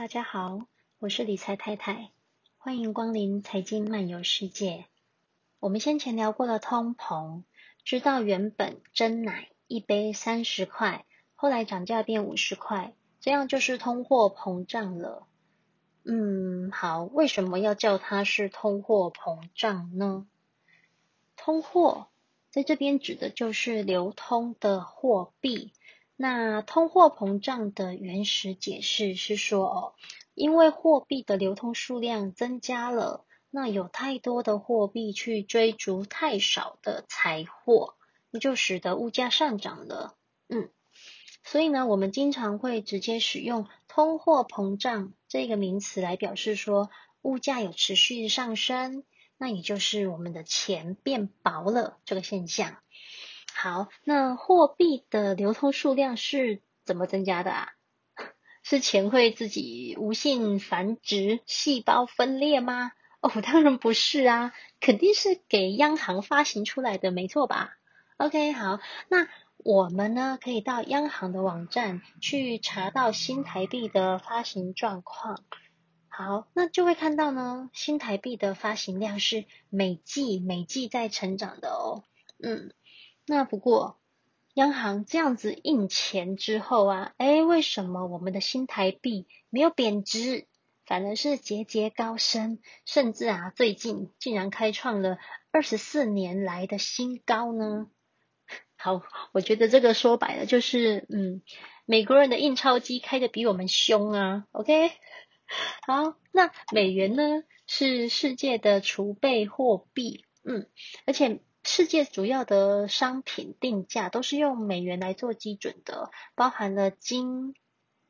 大家好，我是理財太太，歡迎光臨財經漫遊世界。我們先前聊過了通膨，知道原本珍奶一杯三十塊，後來漲價變五十塊，這樣就是通貨膨脹了。嗯，好，為什麼要叫它是通貨膨脹呢？通貨在這邊指的就是流通的貨幣。那通貨膨脹的原始解釋是說，哦，因為貨幣的流通數量增加了，那有太多的貨幣去追逐太少的財貨，那就使得物價上漲了。嗯，所以呢，我們經常會直接使用通貨膨脹這個名詞來表示說物價有持續的上升，那也就是我們的錢變薄了這個現象。好，那貨幣的流通數量是怎麼增加的啊？是錢會自己無性繁殖、細胞分裂嗎？哦，當然不是啊，肯定是給央行發行出來的，沒錯吧？OK，好，那我們呢可以到央行的網站去查到新台幣的發行狀況。好，那就會看到呢，新台幣的發行量是每季每季在成長的哦。嗯。那不過，央行這樣子印錢之後啊，誒，為什麼我們的新台幣沒有貶值，反而是節節高升，甚至啊，最近竟然開創了二十四年來的新高呢？好，我覺得這個說白了就是，嗯，美國人的印鈔機開得比我們兇啊，OK？好，那美元呢是世界的儲備貨幣，嗯，而且。世界主要的商品定價都是用美元來做基準的，包含了金、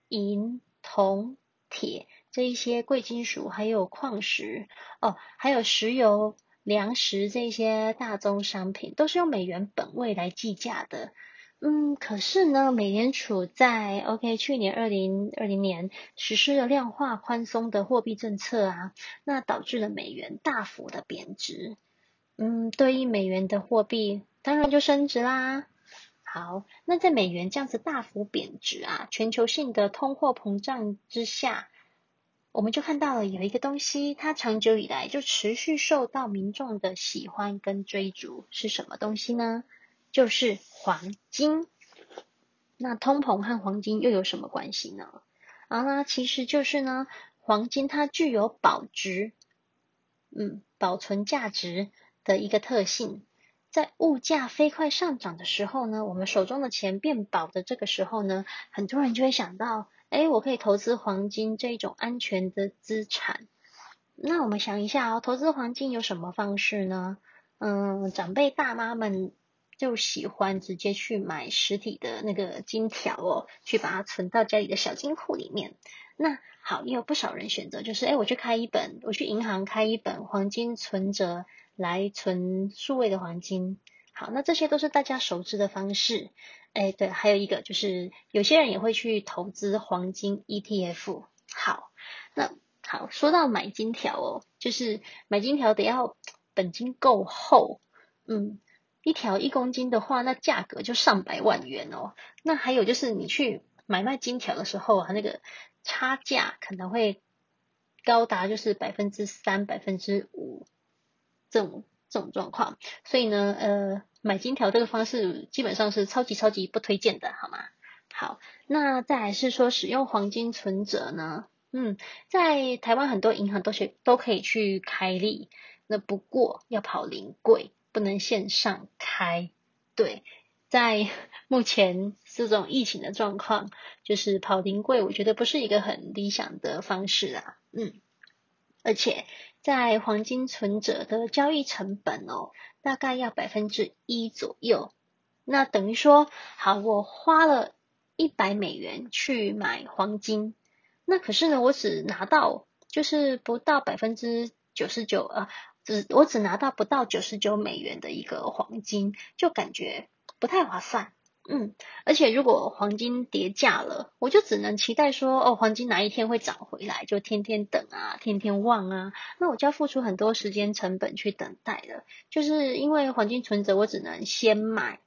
銀、銅、鐵這一些貴金屬，還有礦石哦，還有石油、糧食這些大宗商品都是用美元本位來計價的。嗯，可是呢，美聯儲在 OK 去年二零二零年實施了量化寬鬆的貨幣政策啊，那導致了美元大幅的貶值。嗯，對應美元的貨幣當然就升值啦。好，那在美元這樣子大幅貶值啊，全球性的通貨膨脹之下，我們就看到了有一個東西，它長久以來就持續受到民眾的喜歡跟追逐，是什麼東西呢？就是黃金。那通膨和黃金又有什麼關係呢？啊，那其實就是呢，黃金它具有保值，嗯，保存價值。的一個特性，在物價飛快上漲的時候呢，我們手中的錢變薄的這個時候呢，很多人就會想到，誒，我可以投資黃金這一種安全的資產。那我們想一下哦，投資黃金有什麼方式呢？嗯，長輩大媽們就喜歡直接去買實體的那個金條哦，去把它存到家裡的小金庫裡面。那好，也有不少人選擇就是，誒，我去開一本，我去銀行開一本黃金存折。來存數位的黃金，好，那這些都是大家熟知的方式，誒，對，還有一個就是有些人也會去投資黃金 ETF。好，那好，說到買金條哦，就是買金條得要本金夠厚，嗯，一條一公斤的話，那價格就上百萬元哦。那還有就是你去買賣金條的時候啊，那個差價可能會高達就是百分之三、百分之五。這種這種狀況，所以呢，呃，買金條這個方式基本上是超級超級不推薦的，好嗎？好，那再來是說使用黃金存摺呢，嗯，在台灣很多銀行都去都可以去開立，那不過要跑臨櫃，不能線上開。對，在目前這種疫情的狀況，就是跑臨櫃，我覺得不是一個很理想的方式啊。嗯，而且。在黃金存摺的交易成本哦，大概要百分之一左右。那等於說，好，我花了一百美元去買黃金，那可是呢，我只拿到就是不到百分之九十九啊，只我只拿到不到九十九美元的一個黃金，就感覺不太划算。嗯，而且如果黃金跌價了，我就只能期待說，哦，黃金哪一天會漲回來，就天天等啊，天天望啊。那我就要付出很多時間成本去等待了，就是因為黃金存摺我只能先買，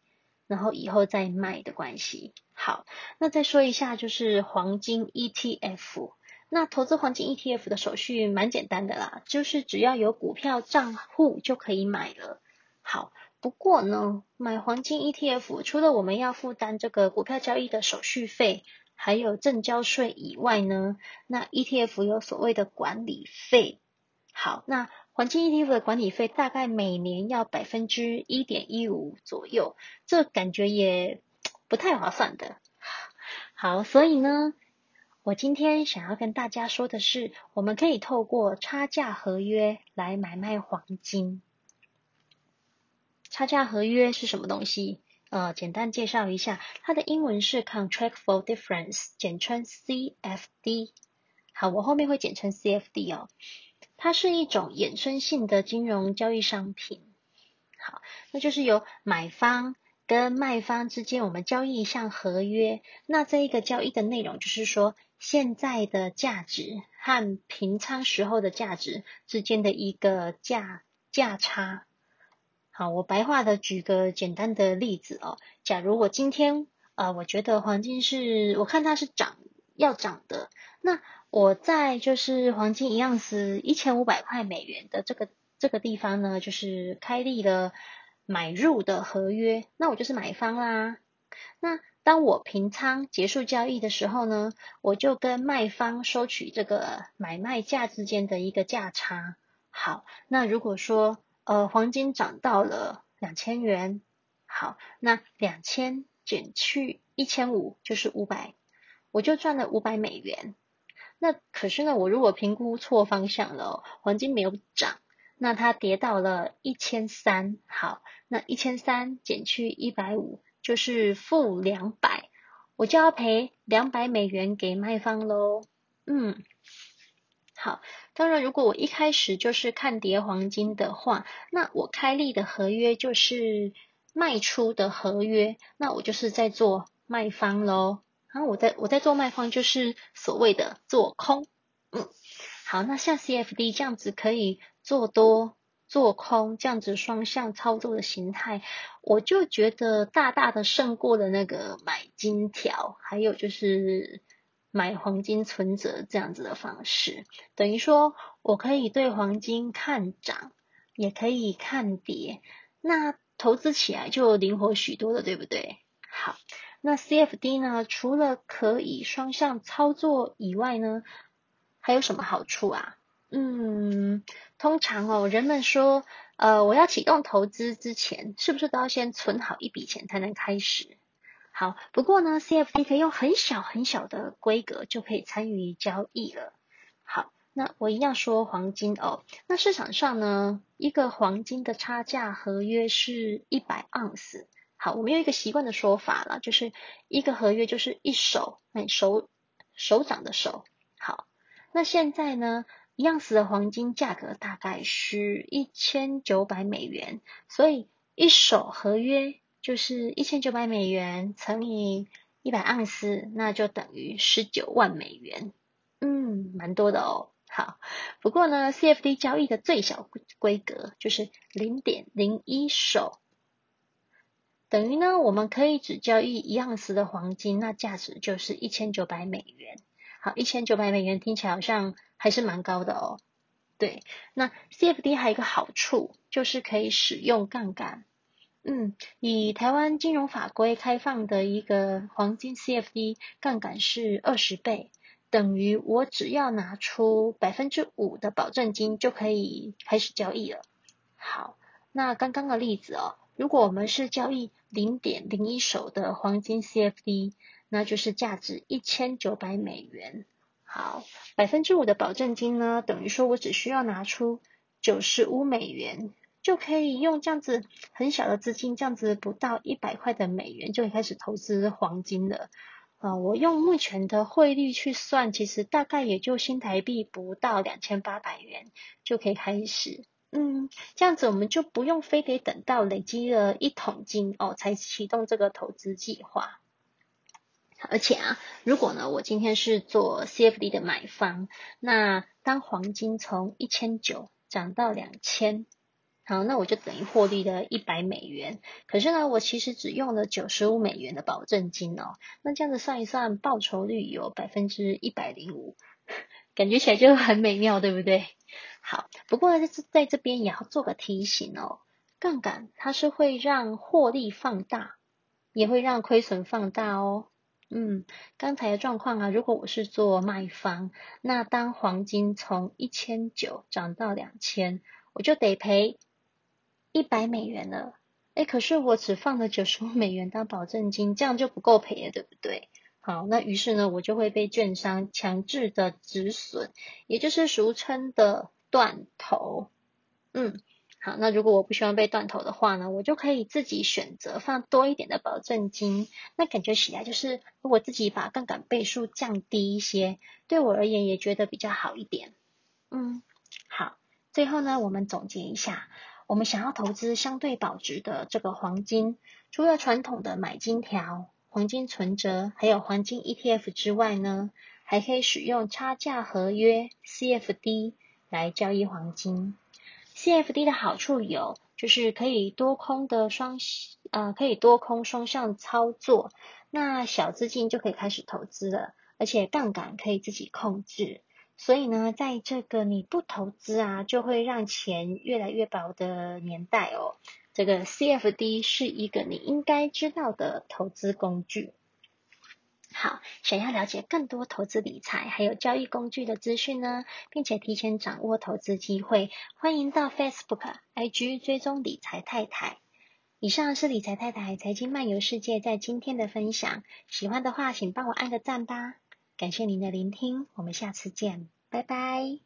然後以後再賣的關係。好，那再說一下就是黃金 ETF，那投資黃金 ETF 的手續蠻簡單的啦，就是只要有股票賬戶就可以買了。好。不過呢，買黃金 ETF 除了我們要負擔這個股票交易的手續費，還有證交稅以外呢，那 ETF 有所謂的管理費。好，那黃金 ETF 的管理費大概每年要百分之一點一五左右，這感覺也不太划算的。好，所以呢，我今天想要跟大家說的是，我們可以透過差價合約來買賣黃金。差價合約是什麼東西？呃，簡單介紹一下，它的英文是 Contract for Difference，簡稱 CFD。好，我後面會簡稱 CFD 哦。它是一種衍生性的金融交易商品。好，那就是由買方跟賣方之間，我們交易一項合約。那這一個交易的內容，就是說現在的價值和平倉時候的價值之間的一個價，價差。好，我白話的舉個簡單的例子哦。假如我今天啊、呃，我覺得黃金是我看它是漲要漲的，那我在就是黃金一盎司一千五百塊美元的這個這個地方呢，就是開立了買入的合約，那我就是買方啦。那當我平倉結束交易的時候呢，我就跟賣方收取這個買賣價之間的一個價差。好，那如果說。呃，黃金漲到了兩千元，好，那兩千減去一千五就是五百，我就賺了五百美元。那可是呢，我如果評估錯方向了，黃金沒有漲，那它跌到了一千三，好，那一千三減去一百五就是負兩百，我就要賠兩百美元給賣方嘍，嗯。好，當然，如果我一開始就是看跌黃金的話，那我開立的合約就是賣出的合約，那我就是在做賣方嘍。然後，我在我在做賣方，就是所謂的做空。嗯，好，那像 CFD 這樣子可以做多、做空，這樣子雙向操作的形態，我就覺得大大的勝過了那個買金條，還有就是。買黃金存摺這樣子的方式，等於說我可以對黃金看漲，也可以看跌，那投資起來就靈活許多了，對不對？好，那 CFD 呢？除了可以雙向操作以外呢，還有什麼好處啊？嗯，通常哦，人們說，呃，我要啟動投資之前，是不是都要先存好一筆錢才能開始？好，不過呢，CFD 可以用很小很小的規格就可以參與交易了。好，那我一樣說黃金哦。那市場上呢，一個黃金的差價合約是一百盎司。好，我們有一個習慣的說法啦，就是一個合約就是一手，哎、嗯，手手掌的手。好，那現在呢，一盎司的黃金價格大概是一千九百美元，所以一手合約。就是一千九百美元乘以一百盎司，那就等於十九萬美元。嗯，蠻多的哦。好，不過呢，CFD 交易的最小規規格就是零點零一手，等於呢，我們可以只交易一盎司的黃金，那價值就是一千九百美元。好，一千九百美元聽起來好像還是蠻高的哦。對，那 CFD 還有一個好處就是可以使用槓桿。嗯，以台灣金融法規開放的一個黃金 C F D 槓桿是二十倍，等於我只要拿出百分之五的保證金就可以開始交易了。好，那剛剛的例子哦，如果我們是交易零點零一手的黃金 C F D，那就是價值一千九百美元。好，百分之五的保證金呢，等於說我只需要拿出九十五美元。就可以用這樣子很小的資金，這樣子不到一百塊的美元，就可以開始投資黃金了。啊、呃，我用目前的匯率去算，其實大概也就新台幣不到兩千八百元就可以開始。嗯，這樣子我們就不用非得等到累積了一桶金哦，才啟動這個投資計劃。而且啊，如果呢我今天是做 CFD 的買方，那當黃金從一千九漲到兩千。好，那我就等於獲利了一百美元。可是呢，我其實只用了九十五美元的保證金哦。那這樣子算一算，報酬率有百分之一百零五，感覺起來就很美妙，對不對？好，不過在這，在這邊也要做個提醒哦。槓桿它是會讓獲利放大，也會讓虧損放大哦。嗯，剛才的狀況啊，如果我是做賣方，那當黃金從一千九漲到兩千，我就得賠一百美元了，誒，可是我只放了九十五美元當保證金，這樣就不夠賠了，對不對？好，那於是呢，我就會被券商強制的止損，也就是俗稱的斷頭。嗯，好，那如果我不希望被斷頭的話呢，我就可以自己選擇放多一點的保證金。那感覺起來就是，如果自己把槓桿倍數降低一些，對我而言也覺得比較好一點。嗯，好，最後呢，我們總結一下。我們想要投資相對保值的這個黃金，除了傳統的買金條、黃金存摺，還有黃金 ETF 之外呢，還可以使用差價合約 （CFD） 來交易黃金。CFD 的好處有，就是可以多空的雙啊、呃，可以多空雙向操作，那小資金就可以開始投資了，而且槓桿可以自己控制。所以呢，在這個你不投資啊，就會讓錢越來越薄的年代哦，這個 CFD 是一個你應該知道的投資工具。好，想要了解更多投資理財還有交易工具的資訊呢，並且提前掌握投資機會，歡迎到 Facebook IG 追蹤理財太太。以上是理財太太財經漫遊世界在今天的分享，喜歡的話請幫我按個讚吧。感謝您的聆聽，我們下次見，拜拜。